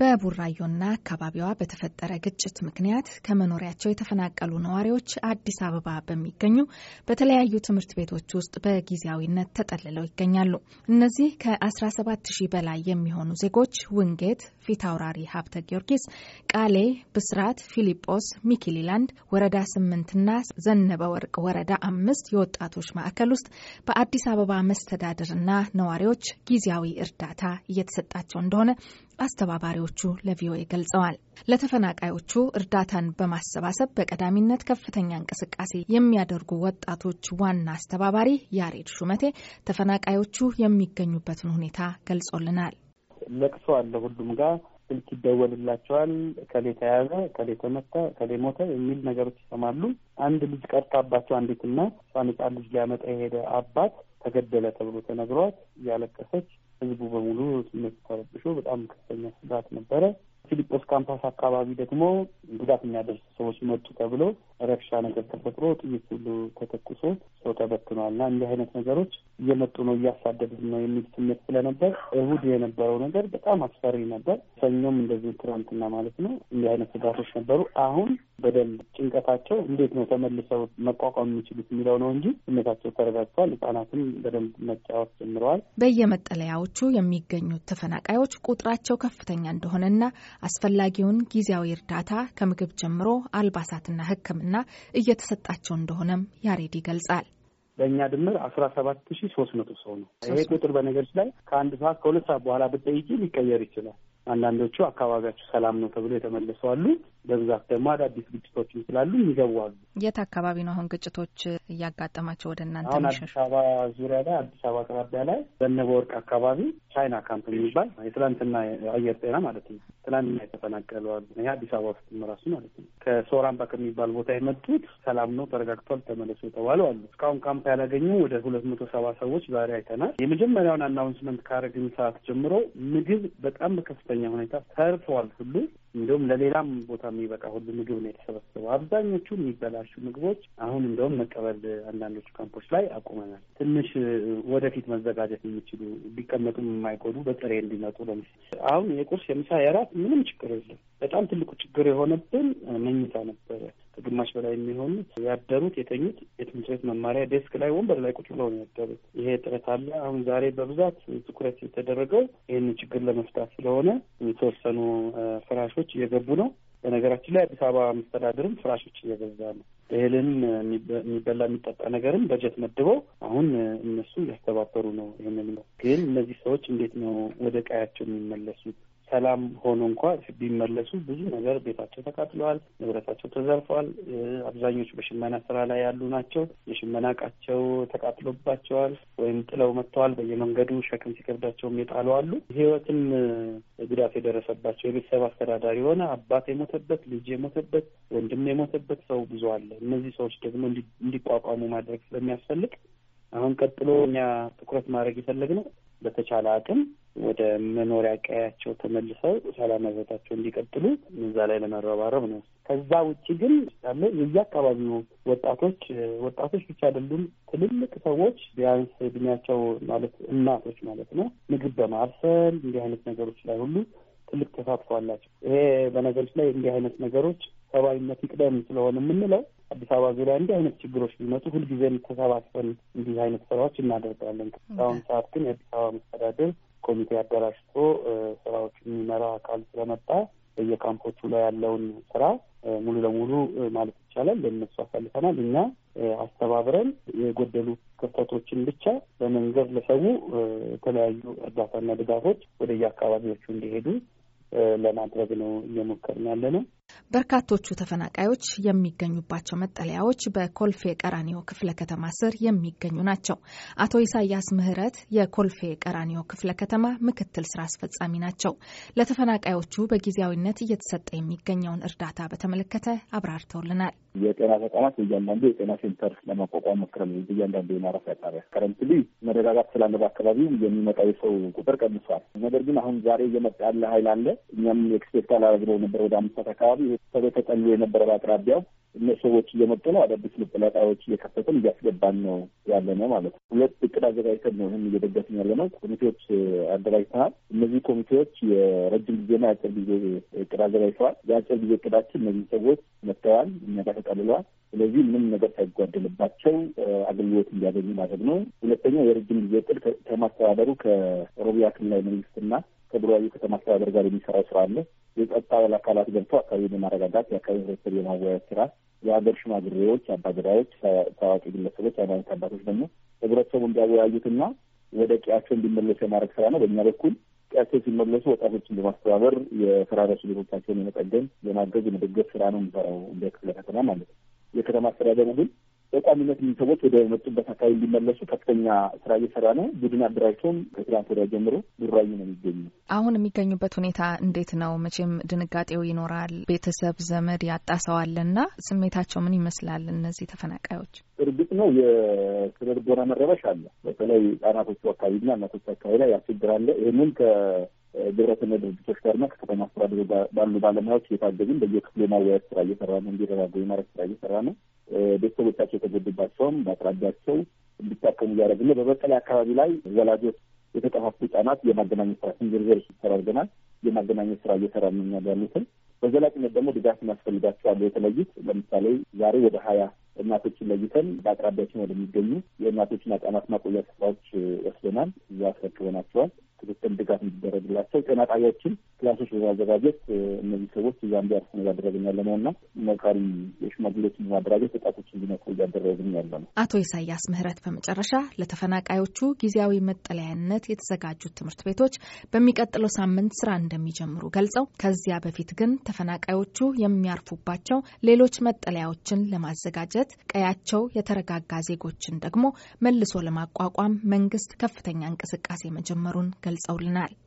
በቡራዮና አካባቢዋ በተፈጠረ ግጭት ምክንያት ከመኖሪያቸው የተፈናቀሉ ነዋሪዎች አዲስ አበባ በሚገኙ በተለያዩ ትምህርት ቤቶች ውስጥ በጊዜያዊነት ተጠልለው ይገኛሉ። እነዚህ ከ17 ሺህ በላይ የሚሆኑ ዜጎች ውንጌት፣ ፊታውራሪ ሀብተ ጊዮርጊስ፣ ቃሌ፣ ብስራት፣ ፊሊጶስ፣ ሚኪሊላንድ ወረዳ ስምንትና ዘነበ ወርቅ ወረዳ አምስት የወጣቶች ማዕከል ውስጥ በአዲስ አበባ መስተዳድርና ነዋሪዎች ጊዜያዊ እርዳታ እየተሰጣቸው እንደሆነ አስተባባሪዎቹ ለቪኦኤ ገልጸዋል። ለተፈናቃዮቹ እርዳታን በማሰባሰብ በቀዳሚነት ከፍተኛ እንቅስቃሴ የሚያደርጉ ወጣቶች ዋና አስተባባሪ ያሬድ ሹመቴ ተፈናቃዮቹ የሚገኙበትን ሁኔታ ገልጾልናል። ለቅሶ አለ ሁሉም ጋር ስልክ ይደወልላቸዋል። ከሌ ተያዘ፣ ከሌ ተመተ፣ ከሌ ሞተ የሚል ነገሮች ይሰማሉ። አንድ ልጅ ቀርታባቸው አንዲት እናት እሷን ሕፃን ልጅ ሊያመጣ የሄደ አባት ተገደለ ተብሎ ተነግሯት እያለቀሰች ህዝቡ በሙሉ ስሜት ተረብሾ በጣም ከፍተኛ ስጋት ነበረ። ፊሊጶስ ካምፓስ አካባቢ ደግሞ ጉዳት የሚያደርሱ ሰዎች መጡ ተብሎ ረብሻ ነገር ተፈጥሮ ጥይት ሁሉ ተተኩሶ ሰው ተበትኗል እና እንዲህ አይነት ነገሮች እየመጡ ነው፣ እያሳደዱት ነው የሚል ስሜት ስለነበር እሁድ የነበረው ነገር በጣም አስፈሪ ነበር። ሰኞም እንደዚህ ትናንትና ማለት ነው እንዲህ አይነት ስጋቶች ነበሩ። አሁን በደል ጭንቀታቸው እንዴት ነው ተመልሰው መቋቋም የሚችሉት የሚለው ነው እንጂ ስሜታቸው ተረጋግቷል። ህጻናትም በደንብ መጫወት ጀምረዋል። በየመጠለያዎቹ የሚገኙት ተፈናቃዮች ቁጥራቸው ከፍተኛ እንደሆነና አስፈላጊውን ጊዜያዊ እርዳታ ከምግብ ጀምሮ አልባሳትና ሕክምና እየተሰጣቸው እንደሆነም ያሬድ ይገልጻል። በእኛ ድምር አስራ ሰባት ሺ ሶስት መቶ ሰው ነው። ይሄ ቁጥር በነገሮች ላይ ከአንድ ሰዓት ከሁለት ሰዓት በኋላ ብጠይቂ ሊቀየር ይችላል። አንዳንዶቹ አካባቢያቸው ሰላም ነው ተብሎ የተመለሱ አሉ። በብዛት ደግሞ አዳዲስ ግጭቶችም ስላሉ ይገባሉ። የት አካባቢ ነው አሁን ግጭቶች እያጋጠማቸው ወደ እናንተ? አሁን አዲስ አበባ ዙሪያ ላይ አዲስ አበባ አቅራቢያ ላይ በነበ ወርቅ አካባቢ ቻይና ካምፕ የሚባል የትላንትና አየር ጤና ማለት ነው ትላንትና የተፈናቀሉ አሉ። ይህ አዲስ አበባ ውስጥ ራሱ ማለት ነው ከሶራምባ ከሚባል ቦታ የመጡት ሰላም ነው ተረጋግቷል፣ ተመለሱ የተባሉ አሉ። እስካሁን ካምፕ ያላገኙ ወደ ሁለት መቶ ሰባ ሰዎች ዛሬ አይተናል። የመጀመሪያውን አናውንስመንት ካረግን ሰዓት ጀምሮ ምግብ በጣም በከፍተኛ ሁኔታ ተርፈዋል ሁሉ እንዲሁም ለሌላም ቦታ የሚበቃ ሁሉ ምግብ ነው የተሰበሰበው። አብዛኞቹ የሚበላሹ ምግቦች አሁን እንደውም መቀበል አንዳንዶቹ ካምፖች ላይ አቁመናል። ትንሽ ወደፊት መዘጋጀት የሚችሉ ቢቀመጡም የማይጎዱ በጥሬ እንዲመጡ ለምሳሌ አሁን የቁርስ የምሳ የራት ምንም ችግር የለም። በጣም ትልቁ ችግር የሆነብን መኝታ ነበረ። ከግማሽ በላይ የሚሆኑት ያደሩት የተኙት የትምህርት ቤት መማሪያ ዴስክ ላይ ወንበር ላይ ቁጭ ብለው ነው ያደሩት። ይሄ ጥረት አለ። አሁን ዛሬ በብዛት ትኩረት የተደረገው ይህን ችግር ለመፍታት ስለሆነ የተወሰኑ ፍራሾች እየገቡ ነው። በነገራችን ላይ አዲስ አበባ መስተዳድርም ፍራሾች እየገዛ ነው። እህልን የሚበላ የሚጠጣ ነገርም በጀት መድበው አሁን እነሱ እያስተባበሩ ነው። ይህንን ነው ግን እነዚህ ሰዎች እንዴት ነው ወደ ቀያቸው የሚመለሱት? ሰላም ሆኖ እንኳ ቢመለሱ ብዙ ነገር ቤታቸው ተቃጥለዋል፣ ንብረታቸው ተዘርፈዋል። አብዛኞቹ በሽመና ስራ ላይ ያሉ ናቸው። የሽመና እቃቸው ተቃጥሎባቸዋል ወይም ጥለው መጥተዋል። በየመንገዱ ሸክም ሲከብዳቸውም የጣሉ አሉ። ህይወትም ጉዳት የደረሰባቸው የቤተሰብ አስተዳዳሪ የሆነ አባት የሞተበት፣ ልጅ የሞተበት፣ ወንድም የሞተበት ሰው ብዙ አለ። እነዚህ ሰዎች ደግሞ እንዲቋቋሙ ማድረግ ስለሚያስፈልግ አሁን ቀጥሎ እኛ ትኩረት ማድረግ የፈለግነው በተቻለ አቅም ወደ መኖሪያ ቀያቸው ተመልሰው ሰላም ሕይወታቸው እንዲቀጥሉ እዛ ላይ ለመረባረብ ነው። ከዛ ውጭ ግን ያለ የየአካባቢው ወጣቶች ወጣቶች ብቻ አይደሉም፣ ትልልቅ ሰዎች ቢያንስ እድሜያቸው ማለት እናቶች ማለት ነው ምግብ በማብሰል እንዲህ አይነት ነገሮች ላይ ሁሉ ትልቅ ተሳትፎ አላቸው። ይሄ በነገሮች ላይ እንዲህ አይነት ነገሮች ሰብአዊነት ይቅደም ስለሆነ የምንለው አዲስ አበባ ዙሪያ እንዲህ አይነት ችግሮች ቢመጡ ሁልጊዜም ተሰባስበን እንዲህ አይነት ስራዎች እናደርጋለን። በአሁኑ ሰዓት ግን የአዲስ አበባ መስተዳደር ኮሚቴ አደራጅቶ ስራዎች የሚመራ አካል ስለመጣ በየካምፖቹ ላይ ያለውን ስራ ሙሉ ለሙሉ ማለት ይቻላል ለነሱ አሳልፈናል። እኛ አስተባብረን የጎደሉ ክፍተቶችን ብቻ በመንገድ ለሰው የተለያዩ እርዳታና ድጋፎች ወደየአካባቢዎቹ እንዲሄዱ ለማድረግ ነው እየሞከርን ያለ ነው። በርካቶቹ ተፈናቃዮች የሚገኙባቸው መጠለያዎች በኮልፌ ቀራኒዮ ክፍለ ከተማ ስር የሚገኙ ናቸው። አቶ ኢሳያስ ምህረት የኮልፌ ቀራኒዮ ክፍለ ከተማ ምክትል ስራ አስፈጻሚ ናቸው። ለተፈናቃዮቹ በጊዜያዊነት እየተሰጠ የሚገኘውን እርዳታ በተመለከተ አብራርተውልናል። የጤና ተቋማት እያንዳንዱ የጤና ሴንተር ለማቋቋም መክረም በእያንዳንዱ የማረፊያ ጣቢያ ከረንትሊ መረጋጋት ስላለ በአካባቢው የሚመጣው የሰው ቁጥር ቀንሷል። ነገር ግን አሁን ዛሬ እየመጣ ያለ ሀይል አለ። እኛም ኤክስፔክት አላረግነው ነበር። ወደ አምስት ሰዓት አካባቢ ሰው ተጠልሎ የነበረ በአቅራቢያው እነሱ ሰዎች እየመጡ ነው። አዳዲስ መጠላጣዎች እየከፈትን እያስገባን ነው ያለ ነው ማለት ነው። ሁለት እቅድ አዘጋጅተን ነው ይህን እየደገፍን ያለ ነው። ኮሚቴዎች አደራጅተናል። እነዚህ ኮሚቴዎች የረጅም ጊዜና የአጭር ጊዜ እቅድ አዘጋጅተዋል። የአጭር ጊዜ እቅዳችን እነዚህ ሰዎች መጥተዋል፣ እኛ ጋር ተጠልለዋል። ስለዚህ ምንም ነገር ሳይጓደልባቸው አገልግሎት እንዲያገኙ ማድረግ ነው። ሁለተኛው የረጅም ጊዜ እቅድ ከማስተዳደሩ ከኦሮሚያ ክልላዊ መንግስትና ከቡራዩ ከተማ አስተዳደር ጋር የሚሰራው ስራ አለ። የጸጥታ አካላት ገብተው አካባቢ የማረጋጋት የአካባቢ ህብረተሰብ የማወያየት ስራ የሀገር ሽማግሬዎች፣ አባገዳዎች፣ ታዋቂ ግለሰቦች፣ ሃይማኖት አባቶች ደግሞ ህብረተሰቡ እንዲያወያዩትና ወደ ቀያቸው እንዲመለሱ የማድረግ ስራ ነው። በእኛ በኩል ቀያቸው ሲመለሱ ወጣቶችን በማስተባበር የፈራረሱ ቤቶቻቸውን የመጠገን የማገዝ የመደገፍ ስራ ነው የሚሰራው እንደ ክፍለ ከተማ ማለት ነው። የከተማ አስተዳደሩ ግን በቋሚነት እኚህ ሰዎች ወደ መጡበት አካባቢ እንዲመለሱ ከፍተኛ ስራ እየሰራ ነው። ቡድን አደራጅቶም ከትናንት ወዲያ ጀምሮ ቡራዩ ነው የሚገኙ። አሁን የሚገኙበት ሁኔታ እንዴት ነው? መቼም ድንጋጤው ይኖራል። ቤተሰብ ዘመድ ያጣ ሰው አለና ስሜታቸው ምን ይመስላል? እነዚህ ተፈናቃዮች እርግጥ ነው የስነ ልቦና መረበሽ አለ። በተለይ ህጻናቶቹ አካባቢና እናቶች አካባቢ ላይ ያስቸግራለ። ይህንን ከ ግብረሰናይ ድርጅቶች ጋርና ከከተማ አስተዳደሩ ባሉ ባለሙያዎች እየታገዝን በየክፍሉ የማወያየት ስራ እየሰራ ነው። እንዲረጋጉ የማድረግ ስራ እየሰራ ነው። ቤተሰቦቻቸው የተጎዱባቸውም በአቅራቢያቸው እንዲታከሙ እያደረግን በበቀላይ አካባቢ ላይ ወላጆች የተጠፋፉ ህጻናት የማገናኘት ስራ ስንዝርዝር ይሰራርገናል አድርገናል። የማገናኘት ስራ እየሰራ ነው ያሉትን በዘላቂነት ደግሞ ድጋፍ ያስፈልጋቸዋል። የተለዩት ለምሳሌ ዛሬ ወደ ሀያ እናቶችን ለይተን በአቅራቢያችን ወደሚገኙ የእናቶችን ህጻናት ማቆያ ስፍራዎች ወስደናል። እዛ አስረክበናቸዋል። ክትትል ድጋፍ እንዲደረግላቸው ጤና ጣቢያዎችን ክላሶች በማዘጋጀት እነዚህ ሰዎች እዛ እንዲያርፉ እያደረግን ያለ ነው እና መካሪ የሽማግሌዎችን በማደራጀት ወጣቶች እንዲመጡ እያደረግን ያለ ነው። አቶ ኢሳያስ ምህረት በመጨረሻ ለተፈናቃዮቹ ጊዜያዊ መጠለያነት የተዘጋጁት ትምህርት ቤቶች በሚቀጥለው ሳምንት ስራ እንደሚጀምሩ ገልጸው ከዚያ በፊት ግን ተፈናቃዮቹ የሚያርፉባቸው ሌሎች መጠለያዎችን ለማዘጋጀት ቀያቸው የተረጋጋ ዜጎችን ደግሞ መልሶ ለማቋቋም መንግስት ከፍተኛ እንቅስቃሴ መጀመሩን al el